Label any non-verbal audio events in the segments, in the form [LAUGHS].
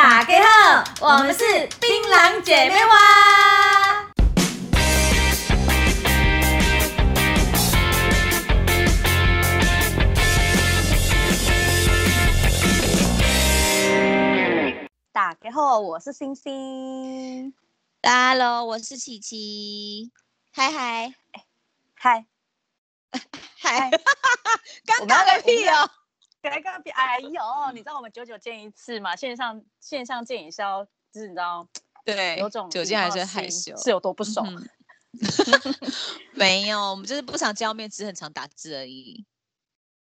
大家好，我們是檳榔姐妹花。大家好，我是星星。Hello，我是琪琪。嗨嗨嗨嗨，尷尬個屁哦！別剛別哎呦！你知道我們久久見一次嘛，線上線上見影消，就是你知道，對，有種久見還是害羞，是有多不爽。沒有，我們就是不常見面，只是很常打字而已。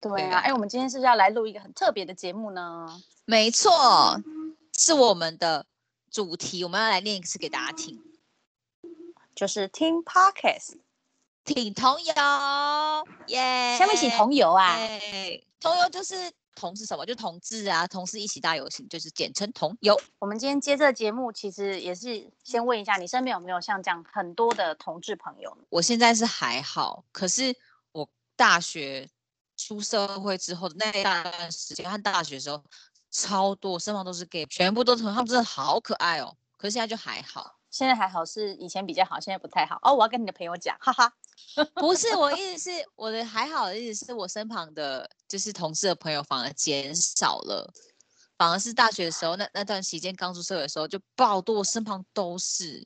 對啊，哎、啊欸，我們今天是不是要來錄一個很特別的節目呢？沒錯，是我們的主題，我們要來念一次給大家聽，嗯、就是聽 Podcast，挺同遊，耶、yeah，下面請挺同遊啊。Yeah 同遊就是同是什麼？就同志啊，同事一起大遊行，就是簡稱同遊。我們今天接這節目，其實也是先問一下你身邊有沒有像這樣很多的同志朋友呢？我現在是還好，可是我大學出社會之後的那一段時間和大學的時候超多，身旁都是 gay，全部都是同，他們真的好可愛哦。可是現在就還好。現在還好，是以前比較好，現在不太好哦。我要跟你的朋友講，哈哈， [LAUGHS] 不是，我意思是，我的還好，的意思是我身旁的， [LAUGHS] 就是同事的朋友反而減少了，反而是大學的時候那那段時間剛出社會的時候就爆多，我身旁都是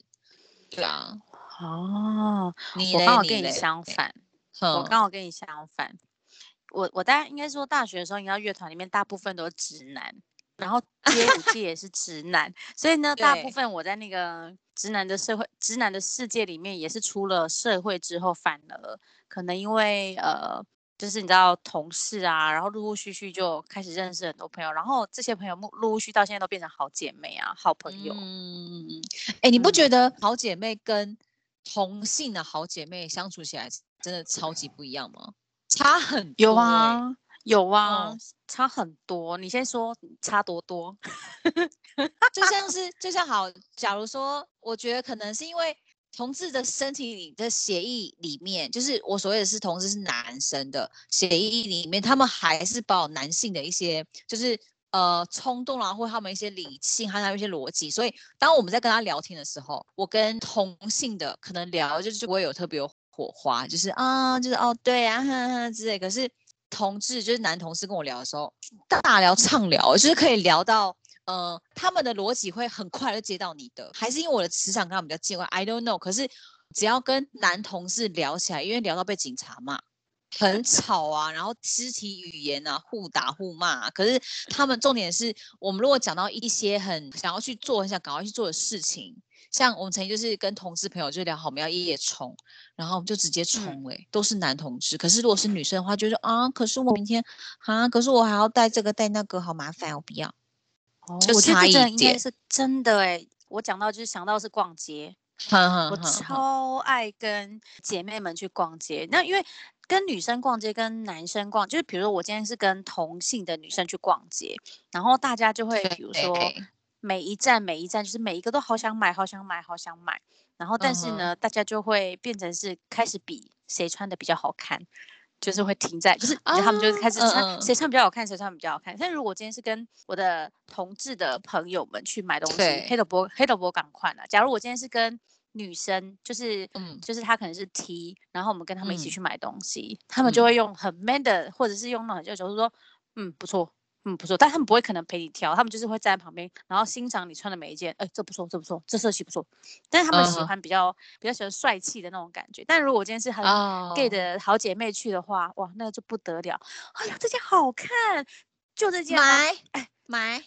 這樣。對啊，哦，你咧我剛好跟你相反，我剛好跟你相反，我我大應該說大學的時候，你知道樂團裡面大部分都是直男。 [LAUGHS] 然後街舞界也是直男， [LAUGHS] 所以呢，對大部分我在那個直男的社會、直男的世界裡面，也是出了社會之後，反而可能因為呃，就是你知道同事啊，然後陸陸續續續就開始認識很多朋友，然後這些朋友陸陸續續到現在都變成好姐妹啊、好朋友。嗯，哎、嗯欸，你不覺得好姐妹跟同性的好姐妹相處起來真的超級不一樣嗎？對差很多，有啊，欸、有啊。嗯差很多，你先說差多多， [LAUGHS] 就像是就像好，假如說，我覺得可能是因為同志的身體裡的血液裡面，就是我所謂的是同志是男生的血液裡面，他們還是保有男性的一些，就是呃衝動啊，或他們一些理性，還有他們一些邏輯。所以當我們在跟他聊天的時候，我跟同性的可能聊，就是不會有特別有火花，就是啊、哦，就是哦，對啊，呵呵之類。可是。同志就是男同事跟我聊的時候，大聊暢聊，就是可以聊到，呃，他們的邏輯會很快就接到你的，還是因為我的磁場跟他們比較近，I don't know。可是只要跟男同事聊起來，因為聊到被警察罵。很吵啊，然後肢體語言啊，互打互罵、啊。可是他們重點是，我們如果講到一些很想要去做，一下，趕快去做的事情，像我們曾經就是跟同事朋友就聊好我們要一夜衝，然後我們就直接衝哎、欸，嗯、都是男同志。可是如果是女生的話，就是啊，可是我明天啊，可是我還要帶這個帶那個，好麻煩，我不要。哦，我覺得這這應該是真的哎、欸，我講到就是想到是逛街。 [LAUGHS] 我超愛跟姐妹們去逛街，那因為跟女生逛街跟男生逛街，就是比如說我今天是跟同性的女生去逛街，然後大家就會比如說每一站每一站就是每一個都好想買好想買好想買，然後但是呢 [LAUGHS] 大家就會變成是開始比誰穿的比較好看。就是會停在，就是、uh, 他們就是開始穿，誰、uh, 穿比較好看，誰穿比較好看。但如果今天是跟我的同志的朋友們去買東西，對，黑蘿波黑蘿波趕快了。假如我今天是跟女生，就是嗯，就是她可能是 T，然後我們跟他們一起去買東西，嗯、他們就會用很 man 的，嗯、或者是用那種很就是說，嗯，不錯。嗯，不錯，但他們不會可能陪你挑，他們就是會站在旁邊，然後欣賞你穿的每一件。哎，這不錯，這不錯，這色系不錯。但是他們喜歡比較、uh huh. 比較喜歡帥氣的那種感覺。但如果我今天是很 gay 的好姐妹去的話，uh oh. 哇，那個、就不得了。哎呀，這件好看，就這件買、啊，My. 哎買買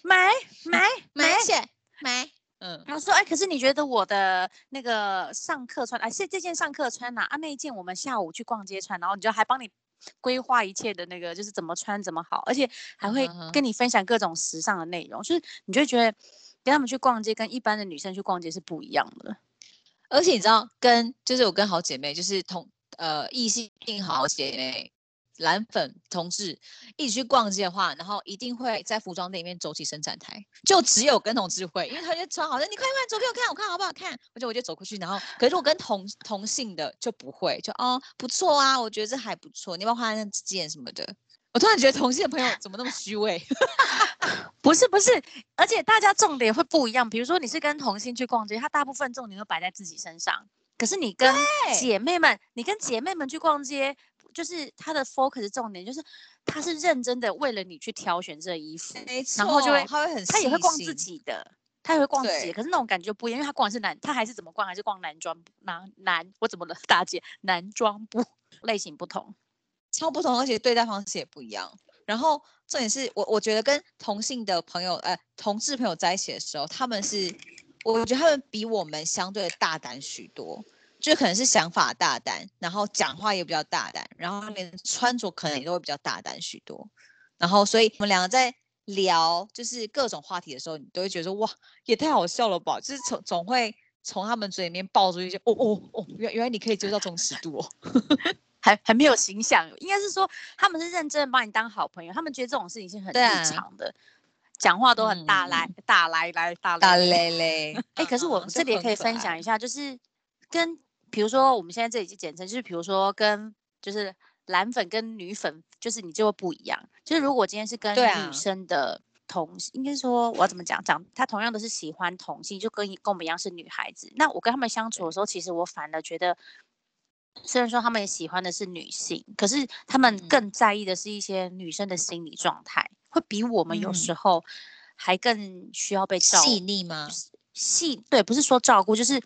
買買買買，嗯。然後說，哎，可是你覺得我的那個上課穿，哎，是這件上課穿哪，啊？啊，那一件我們下午去逛街穿，然後你就還幫你規劃一切的那個，就是怎麼穿怎麼好，而且還會跟你分享各種時尚的內容，嗯、哼就是你就會覺得跟她們去逛街，跟一般的女生去逛街是不一樣的。而且你知道，跟就是我跟好姐妹，就是同呃異性好姐妹。藍粉同志一起去逛街的話，然後一定會在服裝店裡面走起伸展台，就只有跟同志會，因為他就穿好了， [LAUGHS] 你快點快點走給我看，我看好不好看？而且我就走過去，然後可是我跟同同性的就不會，就哦不錯啊，我覺得這還不錯，你要不要換那件什麼的？我突然覺得同性的朋友怎麼那麼虛偽？不是不是，而且大家重點會不一樣。比如說你是跟同性去逛街，他大部分重點都擺在自己身上，可是你跟姐妹們，對你跟姐妹們去逛街。就是他的 focus 重點就是，他是認真的為了你去挑選這衣服，沒錯，然後就會他會很，他也會逛自己的，他也會逛自己的，對，可是那種感覺不一樣，因為他逛的是男，他還是怎麼逛，還是逛男裝，男男，我怎麼了，大姐，男裝不類型不同，超不同，而且對待方式也不一樣。然後重點是我我覺得跟同性的朋友，呃，同志朋友在一起的時候，他們是，我覺得他們比我們相對的大膽許多。.就可能是想法大膽，然後講話也比較大膽，然後他們穿着可能也都會比較大膽許多。然後，所以我們兩個在聊就是各種話題的時候，你都會覺得說哇，也太好笑了吧？就是從總會從他們嘴裡面爆出一些哦哦哦，原、哦哦、原來你可以接受這種尺度哦， [LAUGHS] 還還沒有形象，應該是說他們是認真的把你當好朋友，他們覺得這種事情是很正常的，講、啊、話都很大來、嗯、大來來大來來，哎、 [LAUGHS] 欸，可是我這裡也可以分享一下， [LAUGHS] 就，就是跟。比如說我們現在這裡就簡稱就是，比如說跟就是男粉跟女粉，就是你就會不一樣。就是如果今天是跟女生的同性，啊、應該說我要怎麼講講，她同樣都是喜歡同性，就跟跟我們一樣是女孩子。那我跟他們相處的時候，對其實我反而覺得，雖然說他們也喜歡的是女性，可是他們更在意的是一些女生的心理狀態，會比我們有時候還更需要被照、嗯、細膩嗎？細，對，不是說照顧，就是。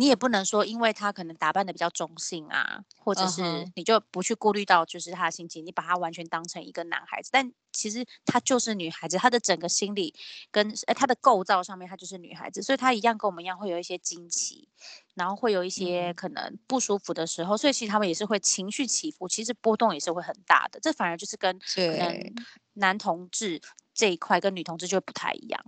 你也不能說，因為他可能打扮的比較中性啊，或者是你就不去顧慮到就是他心情，嗯、哼你把他完全當成一個男孩子，但其實他就是女孩子，他的整個心理跟哎、欸、他的構造上面，他就是女孩子，所以他一樣跟我們一樣會有一些驚奇，然後會有一些可能不舒服的時候，嗯、所以其實他們也是會情緒起伏，其實波動也是會很大的，這反而就是跟可能男同志這一塊對跟女同志就不太一樣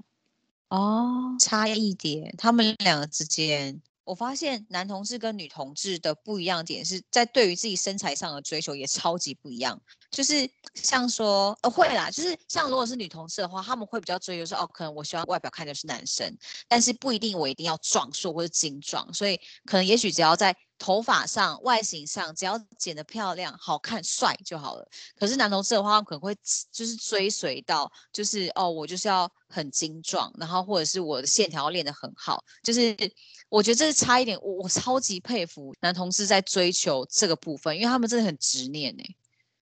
哦，差異點，他們兩個之間。我發現男同志跟女同志的不一樣點是在對於自己身材上的追求也超級不一樣。就是像說，呃、哦，會啦，就是像如果是女同志的話，他們會比較追求說哦，可能我希望外表看就是男生，但是不一定我一定要壯碩或者精壯，所以可能也許只要在頭髮上、外形上，只要剪得漂亮、好看、帥就好了。可是男同志的話，可能會就是追隨到就是哦，我就是要很精壯，然後或者是我的線條要練得很好，就是。我覺得這是差一點，我我超級佩服男同志在追求這個部分，因為他們真的很執念哎、欸，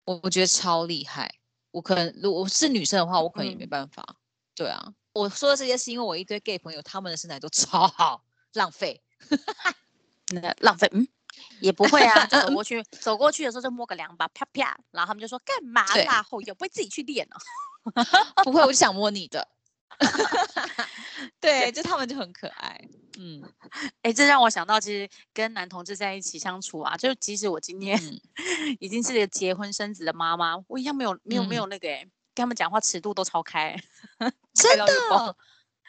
我我覺得超厲害。我可能如果我是女生的話，我可能也沒辦法。嗯、對啊，我說的這些是因為我一堆 gay 朋友，他們的身材都超好，浪費， [LAUGHS] 那浪費。嗯，也不會啊，走過去， [LAUGHS] 走過去的時候就摸個兩把，啪啪，然後他們就說幹嘛大對後又不會自己去練啊？ [LAUGHS] 不會，我就想摸你的。 [LAUGHS] [LAUGHS] 對，就他們就很可愛。嗯，哎、欸，這讓我想到，其實跟男同志在一起相處啊，就即使我今天、嗯、 [LAUGHS] 已經是結婚生子的媽媽，我一樣沒有沒有、嗯、沒有那個哎、欸，跟他們講話尺度都超開、欸， [LAUGHS] 真的，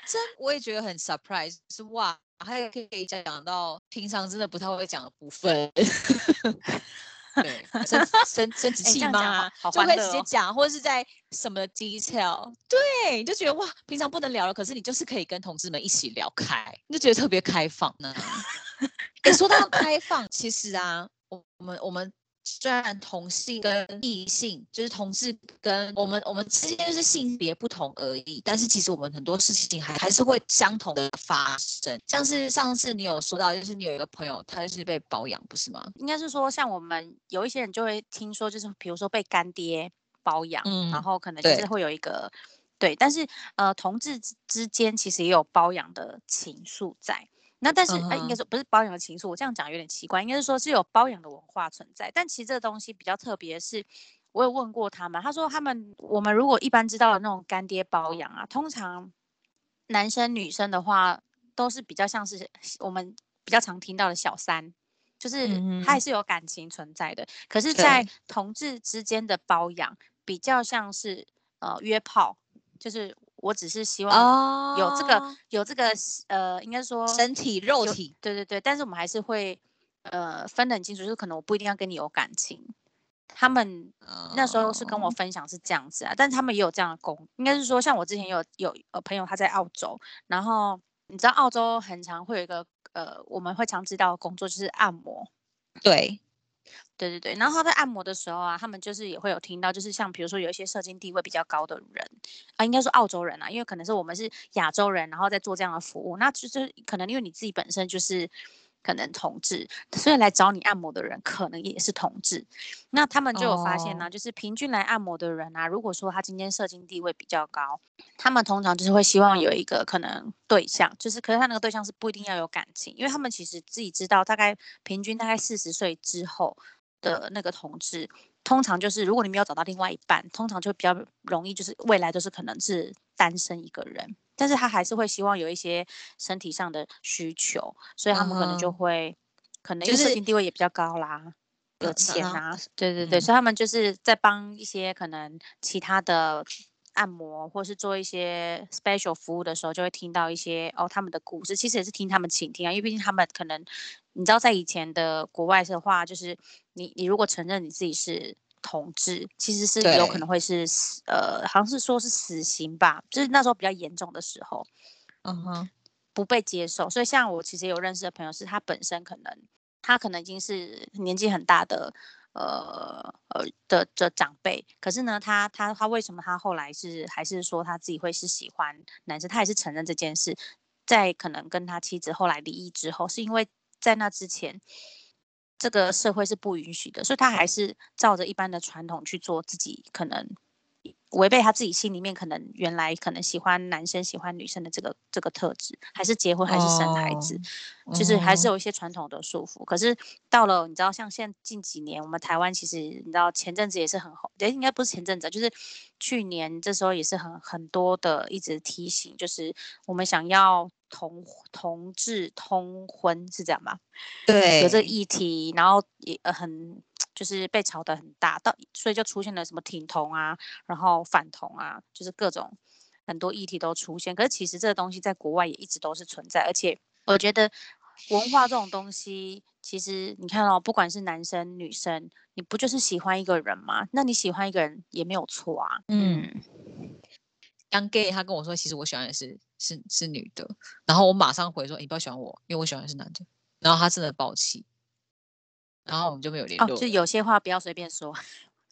真的我也覺得很 surprise，是哇，還可以講到平常真的不太會講的部分。 [LAUGHS] [LAUGHS] 對，生生生殖器嗎？欸啊哦、就會直接講，或者是在什麼 detail？對，你就覺得哇，平常不能聊了，可是你就是可以跟同志們一起聊開，就覺得特別開放呢。你、 [LAUGHS] 欸、說到開放，其實啊，我們我們。雖然同性跟異性就是同志跟我們我們之間是性別不同而已，但是其實我們很多事情還還是會相同的發生，像是上次你有說到，就是你有一個朋友他是被包養，不是嗎？應該是說像我們有一些人就會聽說，就是比如說被乾爹包養，嗯，然後可能就是會有一個對，對，但是呃同志之間其實也有包養的情愫在。那但是，哎、uh huh. 欸，應該說不是包養的情愫，我這樣講有點奇怪，應該是說是有包養的文化存在。但其實這個東西比較特別的是，我有問過他們，他說他們我們如果一般知道的那種乾爹包養啊，通常男生女生的話都是比較像是我們比較常聽到的小三，就是他也是有感情存在的。可是，在同志之間的包養比較像是呃約炮，就是。我只是希望有這個、oh. 有這個呃，應該說身體肉體，對對對。但是我們還是會呃分得很清楚，就是可能我不一定要跟你有感情。他們那時候是跟我分享是這樣子啊，oh. 但他們也有這樣的工，應該是說像我之前有有呃朋友他在澳洲，然後你知道澳洲很常會有一個呃，我們會常知道的工作就是按摩，對。對對對，然後他在按摩的時候啊，他們就是也會有聽到，就是像比如說有一些社經地位比較高的人啊、呃，應該說澳洲人啊，因為可能是我們是亞洲人，然後在做這樣的服務，那就是可能因為你自己本身就是。可能同志，所以來找你按摩的人可能也是同志，那他們就有發現呢，啊，oh. 就是平均來按摩的人啊，如果說他今天社經地位比較高，他們通常就是會希望有一個可能對象，就是可是他那個對象是不一定要有感情，因為他們其實自己知道，大概平均大概四十歲之後的那個同志，通常就是如果你沒有找到另外一半，通常就比較容易，就是未來就是可能是單身一個人。但是他還是會希望有一些身體上的需求，所以他們可能就會，uh huh. 可能因為社經地位也比較高啦，就是、有錢啊，uh huh. 對對對，uh huh. 所以他們就是在幫一些可能其他的按摩，或是做一些 special 服務的時候，就會聽到一些哦他們的故事，其實也是聽他們傾聽啊，因為畢竟他們可能，你知道在以前的國外的話，就是你你如果承認你自己是。同志其實是有可能會是對呃，好像是說是死刑吧，就是那時候比較嚴重的時候，嗯哼，不被接受。所以像我其實有認識的朋友，是他本身可能他可能已經是年紀很大的，呃呃的的長輩，可是呢，他他他為什麼他後來是還是說他自己會是喜歡男生，他也是承認這件事，在可能跟他妻子後來離異之後，是因為在那之前。這個社會是不允許的，所以他還是照着一般的傳統去做，自己可能違背他自己心裡面可能原來可能喜歡男生喜歡女生的這個這個特質，還是結婚還是生孩子，哦、就是還是有一些傳統的束縛。嗯、可是到了你知道，像現近幾年，我們台灣其實你知道前陣子也是很紅，哎，應該不是前陣子，就是去年這時候也是很很多的一直提醒，就是我們想要。同同志通婚是這樣嗎？對，有這議題，然後也很就是被炒得很大，到所以就出現了什麼挺同啊，然後反同啊，就是各種很多議題都出現。可是其實這個東西在國外也一直都是存在，而且我覺得文化這種東西，其實你看到、哦、不管是男生女生，你不就是喜歡一個人嗎？那你喜歡一個人也沒有錯啊。嗯。嗯。剛 gay，他跟我說，其實我喜歡的是是是女的，然後我馬上回說、欸，你不要喜歡我，因為我喜歡的是男的。然後他真的爆氣，然後我們就沒有聯絡、哦、就有些話不要隨便說。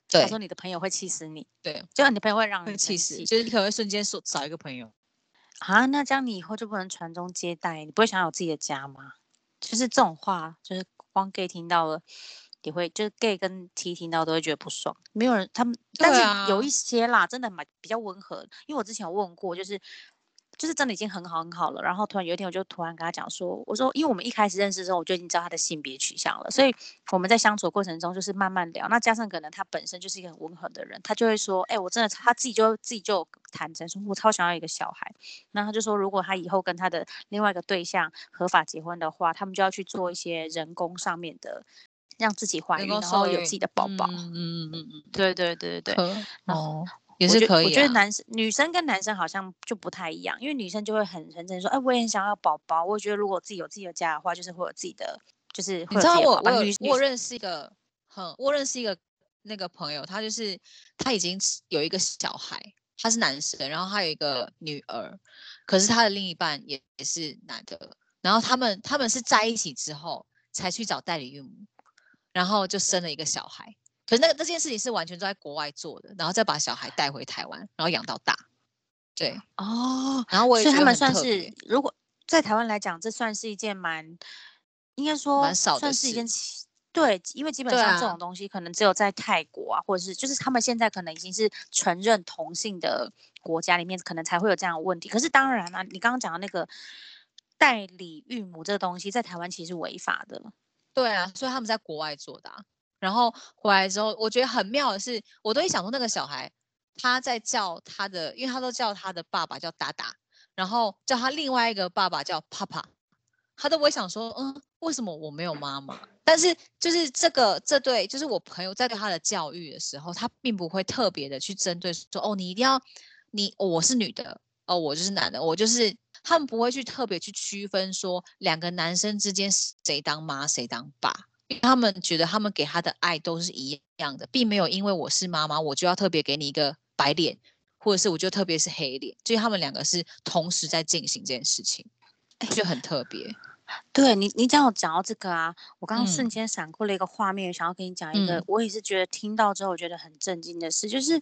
對。他說你的朋友會氣死你。對。就你的朋友會讓你氣死，就是你可能會瞬間說找一個朋友。啊，那這樣你以後就不能傳宗接代，你不會想要有自己的家嗎？就是這種話，就是剛 gay 聽到了。也會就是 gay 跟 T 聽到都會覺得不爽，沒有人他們，啊、但是有一些啦，真的蠻比較溫和。因為我之前有問過，就是就是真的已經很好很好了。然後突然有一天，我就突然跟他講說，我說，因為我們一開始認識的時候，我就已經知道他的性別取向了，所以我們在相處的過程中就是慢慢聊。那加上可能他本身就是一個很溫和的人，他就會說，哎、欸，我真的他自己就自己就坦誠說，我超想要一個小孩。那他就說，如果他以後跟他的另外一個對象合法結婚的話，他們就要去做一些人工上面的。讓自己懷孕，有有然後會有自己的寶寶，嗯嗯嗯對對對對哦。呵也是可以、啊。我覺得男生女生跟男生好像就不太一樣，因為女生就會很認真說，哎、欸，我也很想要寶寶。我覺得如果自己有自己的家的話，就是會有自己的，就是寶寶，你知道我我有我有認識一個，很、嗯、我認識一個那個朋友，他就是他已經有一個小孩，他是男生，然後他有一個女兒，嗯、可是他的另一半也也是男的，然後他們他們是在一起之後才去找代理孕母。然後就生了一個小孩，可是那個那件事情是完全都在國外做的，然後再把小孩帶回台灣，然後養到大，對，哦，所以他們算是如果在台灣來講，這算是一件蠻應該說算是一件蠻少的事情，對，因為基本上這種東西可能只有在泰國啊，啊或者是就是他們現在可能已經是承認同性的國家裡面，可能才會有這樣的問題。可是當然了、啊，你剛剛講的那個代理孕母這個東西，在台灣其實是違法的。對啊，所以他們在國外做的、啊，然後回來之後，我覺得很妙的是，我都會想說那個小孩，他在叫他的，因為他都叫他的爸爸叫達達，然後叫他另外一個爸爸叫帕帕，他都會想說，嗯，為什麼我沒有媽媽？但是就是這個這對，就是我朋友在對他的教育的時候，他並不會特別的去針對說，哦，你一定要，你、哦、我是女的，哦，我就是男的，我就是。他們不會去特別去區分說，兩個男生之間誰當媽誰當爸，因為他們覺得他們給他的愛都是一樣的，並沒有因為我是媽媽我就要特別給你一個白臉，或者是我就特別是黑臉，所以他們兩個是同時在進行這件事情，就很特別、欸。對你，你講我講到這個啊，我剛剛瞬間閃過了一個畫面，嗯、想要跟你講一個、嗯、我也是覺得聽到之後我覺得很震驚的事，就是、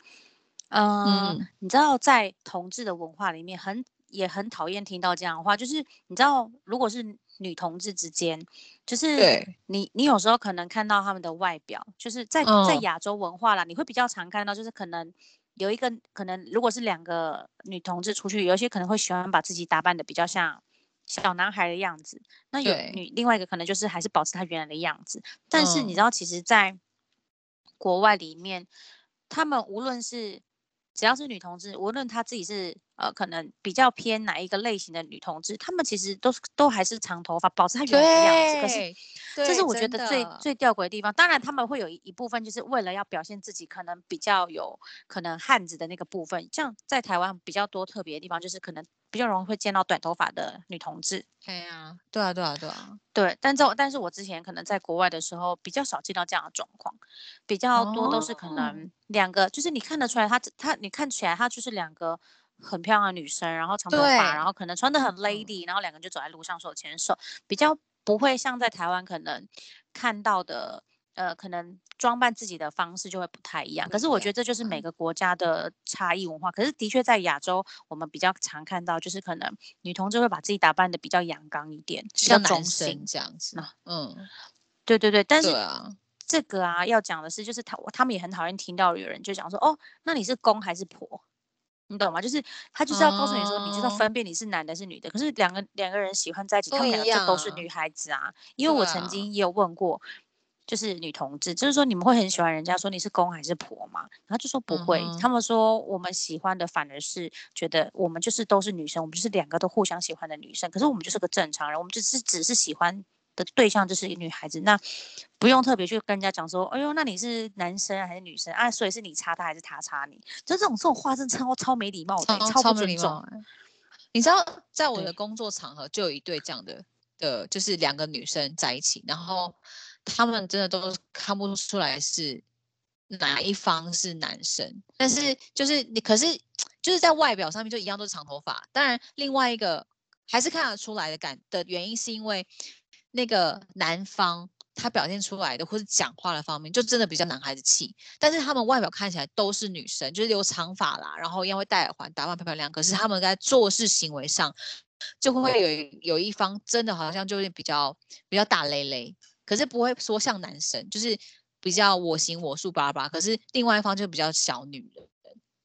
呃、嗯，你知道在同志的文化裡面很。也很討厭聽到這樣的話，就是你知道，如果是女同志之間，就是你你有時候可能看到他們的外表，就是在在亞洲文化啦，嗯、你會比較常看到，就是可能有一個可能，如果是兩個女同志出去，有一些可能會喜歡把自己打扮的比較像小男孩的樣子，那有女對另外一個可能就是還是保持她原來的樣子，但是你知道，其實在國外裡面，嗯、他們無論是只要是女同志，無論她自己是。呃，可能比較偏哪一個類型的女同志，她們其實都是都還是長頭髮，保持她原來的樣子。對可是，這是我覺得最最吊詭的地方。當然，她們會有一一部分就是為了要表現自己，可能比較有可能漢子的那個部分。像在台灣比較多特別的地方，就是可能比較容易會見到短頭髮的女同志。對啊，對啊，對啊，對啊。對，但在但是我之前可能在國外的時候比較少見到這樣的狀況，比較多都是可能兩個，哦、就是你看得出來，她她你看起來她就是兩個很漂亮的女生，然後長頭髮，對然後可能穿的很 lady，嗯、然後兩個人就走在路上手牽手，比較不會像在台灣可能看到的，呃，可能裝扮自己的方式就會不太一樣。吧可是我覺得這就是每個國家的差異文化。嗯、可是的確在亞洲，我們比較常看到就是可能女同志會把自己打扮的比較陽剛一點，比較中性像男性這樣子。嗯，嗯對對對，但是這個啊，啊要講的是就是他他們也很討厭聽到有人就講說，哦，那你是公還是婆？你懂嗎？就是他就是要告訴你說，嗯、你知道分辨你是男的是女的。可是兩個兩個人喜歡在一起，他們兩個就都是女孩子啊。哎、呀因為我曾經也有問過，就是女同志，啊、就是說你們會很喜歡人家說你是公還是婆嗎？他就說不會，嗯、哼他們說我們喜歡的反而是覺得我們就是都是女生，我們就是兩個都互相喜歡的女生。可是我們就是個正常人，我們只是只是喜歡的對象就是女孩子，那不用特別去跟人家講說，哎呦，那你是男生，啊、還是女生啊？所以是你插他還是他插你？就這種這種話，真超超沒禮貌，超、啊、超、超沒禮貌。你知道，在我的工作場合，就有一對這樣的對的，就是兩個女生在一起，然後他們真的都看不出來是哪一方是男生，但是就是你，可是就是在外表上面就一樣都是長頭髮。當然，另外一個還是看得出來的感的原因是因為。那個男方他表現出來的，或是講話的方面，就真的比較男孩子氣。但是他們外表看起來都是女生，就是留長髮啦，然後一樣會戴耳環，打扮漂漂亮。可是他們在做事行為上，就會有一有一方真的好像就是比較比較大咧咧，可是不會說像男生，就是比較我行我素叭叭。可是另外一方就比較小女人。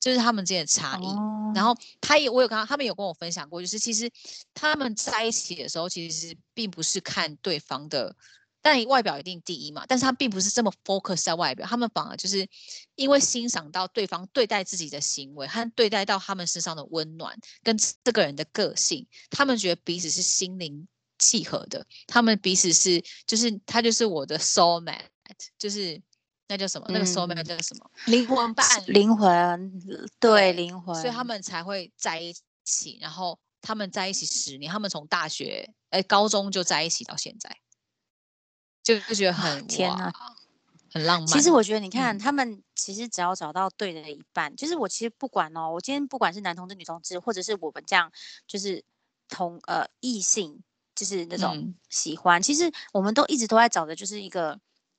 就是他們之間的差異，oh. 然後他也我有看到，他們有跟我分享過，就是其實他們在一起的時候，其實並不是看對方的，但外表一定第一嘛，但是他並不是這麼 focus 在外表，他們反而就是因為欣賞到對方對待自己的行為，他對待到他們身上的溫暖，跟這個人的個性，他們覺得彼此是心靈契合的，他們彼此是就是他就是我的 soul mate，就是。那叫什麼？嗯、那個 soulmate 叫什麼？靈魂伴侶。靈魂，對靈魂。對靈魂，所以他們才會在一起，然後他們在一起十年，嗯、他們從大學哎、欸、高中就在一起到現在，就就覺得很啊天啊，很浪漫。其實我覺得，你看、嗯、他們，其實只要找到對的一半，就是我其實不管哦，我今天不管是男同志、女同志，或者是我們這樣，就是同呃異性，就是那種喜歡，嗯、其實我們都一直都在找的，就是一個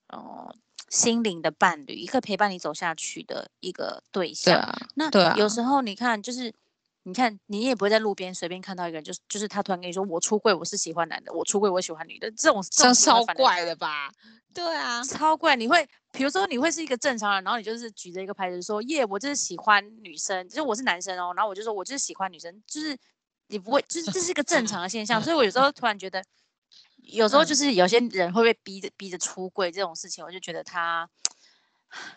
哦。呃心靈的伴侶，一個陪伴你走下去的一個對象。對啊，那對啊有時候你看，就是你看，你也不會在路邊隨便看到一個人，就是就是他突然跟你說我出櫃，我是喜歡男的，我出櫃，我喜歡女的，這種像超怪的吧？對啊，超怪。你會比如說你會是一個正常人，然後你就是舉着一個牌子說耶、啊，我就是喜歡女生，就是我是男生哦，然後我就說我就是喜歡女生，就是你不會，就是這是一個正常的現象， [LAUGHS] 所以我有時候突然覺得。有時候就是有些人會被逼着逼着出櫃這種事情，我就覺得他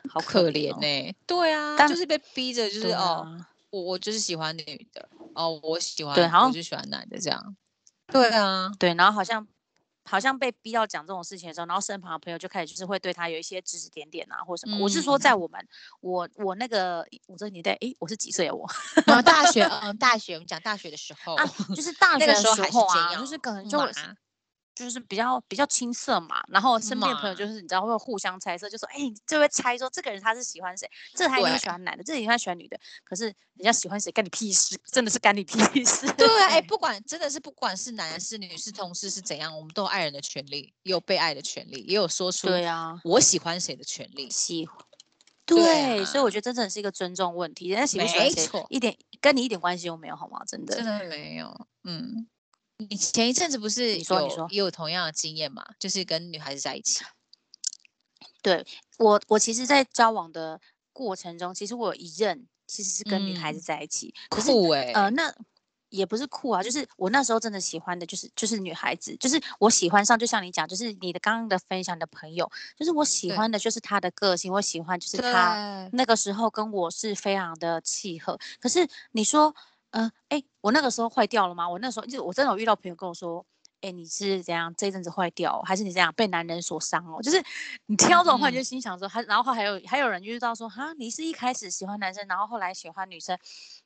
好可憐呢、哦欸。對啊，但就是被逼着，就是、啊、哦，我我就是喜歡女的哦，我喜歡，對，好我就喜歡男的這樣。對啊，對，然後好像好像被逼到講這種事情的時候，然後身旁的朋友就開始就是會對他有一些指指點點啊，或者什麼。嗯、我是說在我們我我那個我這個年代，哎、欸，我是幾歲？啊？我大學， [LAUGHS] 嗯，大學，我們講大學的時候、啊，就是大學的時候啊，就是可能就。嗯啊就是比較比較青澀嘛，然後身邊的朋友就是你知道會互相猜測，馬 就說，哎、欸，就會猜說這個人他是喜歡誰，這他應該喜歡男的，對 這應該喜,喜歡女的。可是人家喜歡誰干你屁事，真的是干你屁事。 [LAUGHS] 對啊，欸、不管真的是不管是男是女是同事是怎樣，我們都有愛人的權利，也有被愛的權利，也有說出對啊，我喜歡誰的權利。喜、啊，對，對啊、所以我覺得真的是一個尊重問題，人家喜,不喜歡誰錯一點跟你一點關係都沒有，好嗎？真的，真的沒有，嗯。你前一陣子不是你說，你說也有同樣的經驗嘛？就是跟女孩子在一起。對我，我其實，在交往的過程中，其實我有一任其實是跟女孩子在一起。酷誒，呃，那也不是酷啊，就是我那時候真的喜歡的，就是就是女孩子，就是我喜歡上，就像你講，就是你的剛剛的分享的朋友，就是我喜歡的，就是她的個性，對我喜歡就是她對那個時候跟我是非常的契合。可是你說。嗯，哎、欸，我那個時候壞掉了嗎？我那時候就我真的有遇到朋友跟我說，哎、欸，你是怎樣這一陣子壞掉，還是你怎樣被男人所傷哦？就是你聽到這種話，你就心想說，還然後還有還有人就知道說，哈，你是一開始喜歡男生，然後後來喜歡女生，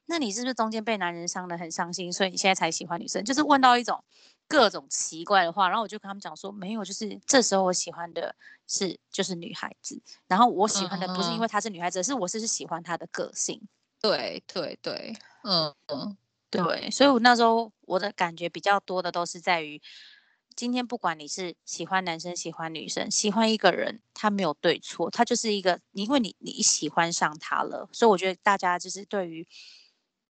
那你是不是中間被男人傷得很傷心，所以你現在才喜歡女生？就是問到一種各種奇怪的話，然後我就跟他們講說，沒有，就是這時候我喜歡的是就是女孩子，然後我喜歡的不是因為她是女孩子，嗯、哼是我是喜歡她的個性。對對對，嗯嗯對，對，所以我那時候我的感覺比較多的都是在於，今天不管你是喜歡男生、喜歡女生、喜歡一個人，他沒有對錯，他就是一個，因為你你喜歡上他了，所以我覺得大家就是對於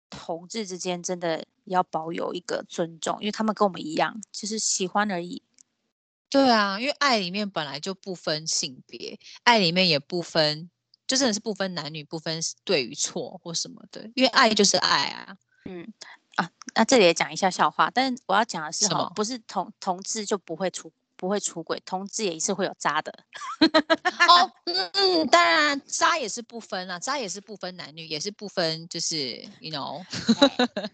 同志之間真的要保有一個尊重，因為他們跟我們一樣，就是喜歡而已。對啊，因為愛裡面本來就不分性別，愛裡面也不分。就真的是不分男女，不分對與錯或什麼的，因為愛就是愛啊。嗯啊，那這裡也講一下笑話，但是我要講的是什麼？不是同同志就不會出不會出軌，同志也是會有渣的。哦， [LAUGHS] 嗯，當然、啊、渣也是不分啊，渣也是不分男女，也是不分就是 you know。對，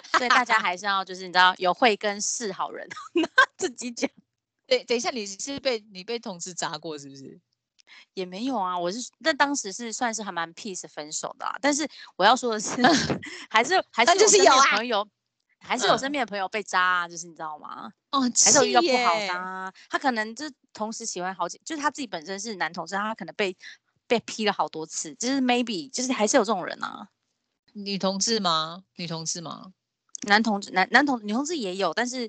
[LAUGHS] 所以大家還是要就是你知道有慧根是好人， [LAUGHS] 自己講講。等一下，你是被你被同志渣過是不是？也沒有啊，我是，但當時是算是還蠻 peace 分手的，啊。但是我要說的是， [LAUGHS] 還是還是身邊朋友，是還是有身邊的朋友被渣，啊，嗯、就是你知道嗎？哦，還是有遇到不好的，啊，他可能就同時喜歡好幾，就是他自己本身是男同志，他可能被被劈了好多次，就是 maybe 就是還是有這種人啊。女同志嗎？女同志嗎？男同志，男男同女同志也有，但是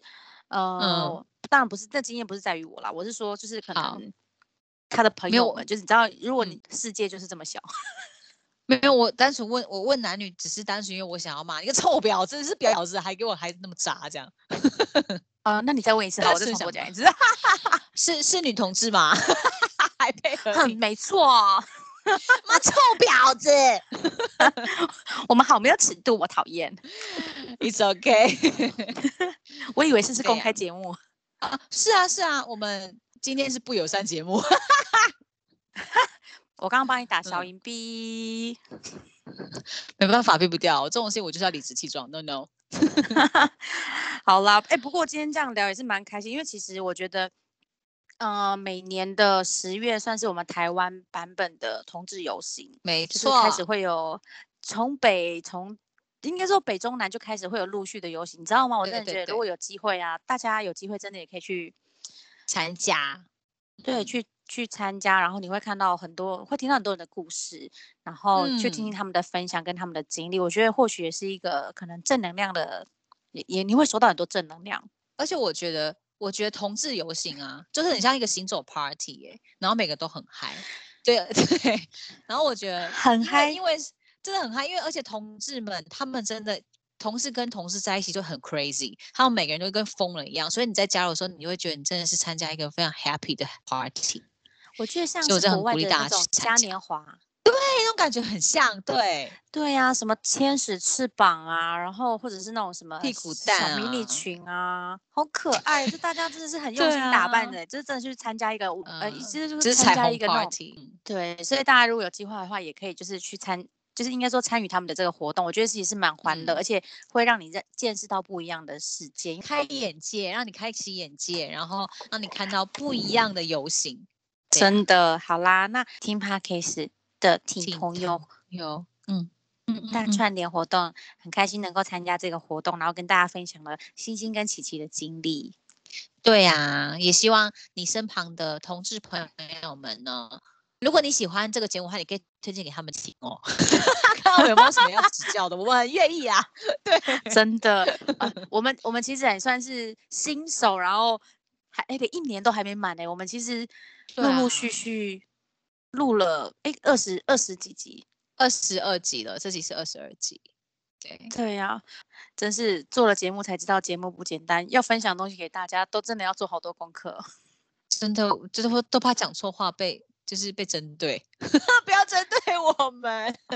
呃，嗯、當然不是，這經驗不是在於我啦，我是說就是可能。他的朋友們沒有就是你知道，如果你世界就是這麼小，嗯、 [LAUGHS] 沒有我單純問我問男女，只是單純因為我想要罵一個臭婊子是婊子，還給我孩子那麼渣這樣啊、 [LAUGHS] 呃？那你再問一次好，是我，想我次 [LAUGHS] 是同性戀，是是女同志嗎？ [LAUGHS] 還配合？沒錯， [LAUGHS] 媽臭婊子， [LAUGHS] [LAUGHS] [LAUGHS] 我們好沒有尺度，我討厭。It's okay， [LAUGHS] [LAUGHS] 我以為是是公開節目 okay, yeah. 啊，是啊是啊，我們。今天是不友善節目 [LAUGHS] [LAUGHS] 我剛剛幫你打消音嗶，沒辦法，避不掉、哦。這種事情我就是要理直氣壯，no no。 [LAUGHS] [LAUGHS] 好啦，哎，不過今天這樣聊也是蠻開心，因為其實我覺得，嗯，每年的十月算是我們台灣版本的同志遊行，沒錯，開始會有從北從，應該說北中南就開始會有陸續的遊行，你知道嗎？對我真的覺得如果有機會啊，大家有機會真的也可以去。參加，對，去去參加，然後你會看到很多，會聽到很多人的故事，然後去聽聽他們的分享跟他們的經歷。嗯、我覺得或許也是一個可能正能量的，也也你會收到很多正能量。而且我覺得，我覺得同志遊行啊，就是很像一個行走 party 耶、欸，然後每個都很嗨，對對。然後我覺得很嗨 high，因為真的很嗨，因為而且同志們他們真的。同事跟同事在一起就很 crazy，他們每個人都跟瘋了一樣，所以你在加入的時候，你就會覺得你真的是參加一個非常 happy 的 party。我覺得像是很國外的那種嘉年華，對，那種感覺很像。對對呀、啊，什麼天使翅膀啊，然後或者是那種什麼屁股蛋、啊、迷你裙啊，好可愛！就大家真的是很用心打扮的， [LAUGHS] 啊、就是真的去參加一個、嗯、呃，就是參加一個 party。對，所以大家如果有計劃的話，也可以就是去參。就是應該說參與他們的這個活動，我覺得其實是蠻歡樂的。嗯、而且會讓你在見識到不一樣的世界，開眼界，讓你開啟眼界，然後讓你看到不一樣的遊行，嗯、對真的好啦。那聽 Podcast 的聽請朋友有嗯嗯嗯，但串聯活動，很開心能夠參加這個活動，然後跟大家分享了星星跟琪琪的經歷。對呀、啊，也希望你身旁的同志朋友朋友們呢。如果你喜歡這個節目的話，你可以推薦給他們聽哦。看他們 [LAUGHS] [LAUGHS] 有沒有什麼要指教的，我們很願意啊。對，真的，啊、我們我們其實也算是新手，然後還、欸、一年都還沒滿呢。我們其實陸陸續續錄了哎、啊欸、二十二十幾集，二十二集了，這集是二十二集。對對呀、啊，真是做了節目才知道節目不簡單，要分享東西給大家都，都真的要做好多功課。真的就是都怕講錯話被。就是被針對， [LAUGHS] 不要針對我們。 [LAUGHS]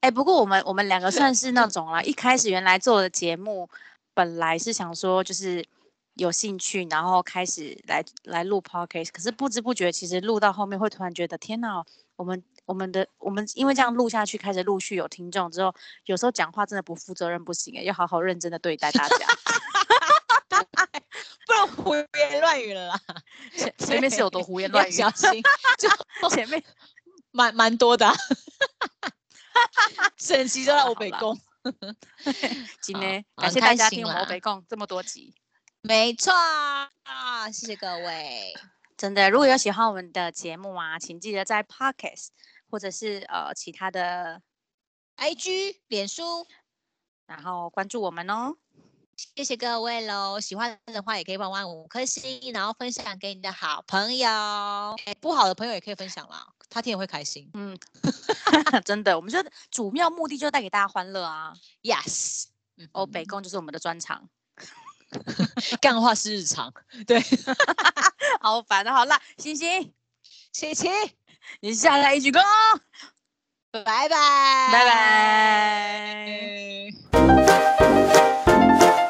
哎、欸，不過我們我們兩個算是那種啦。一開始原來做的節目，本來是想說就是有興趣，然後開始來來錄 Podcast。可是不知不覺，其實錄到後面會突然覺得，天哪，我們我們的我們因為這樣錄下去，開始陸續有聽眾之後，有時候講話真的不負責任不行、欸、要好好認真的對待大家。 [LAUGHS] 胡言亂語了啦，前，前面是有多胡言亂語？以小心， [LAUGHS] 就前面蠻蠻多的，啊，神奇就在歐北宮。今天感謝大家聽我們歐北宮這麼多集，沒錯啊，謝謝各位。真的，如果有喜歡我們的節目啊，請記得在 Podcast 或者是呃其他的 IG 臉書，然後關注我們哦。謝謝各位嘍！喜歡的話也可以幫幫五顆星，然後分享給你的好朋友，不好的朋友也可以分享啦，他聽也會開心。嗯， [LAUGHS] [LAUGHS] 真的，我們說主要目的就帶給大家歡樂啊！Yes，哦、嗯哼，北宮就是我們的專長，幹 [LAUGHS] [LAUGHS] 話是日常。 [LAUGHS] 對， [LAUGHS] [LAUGHS] 好煩的，好了，星星，星星，你下來一鞠躬，拜拜，拜拜 bye。 [MUSIC]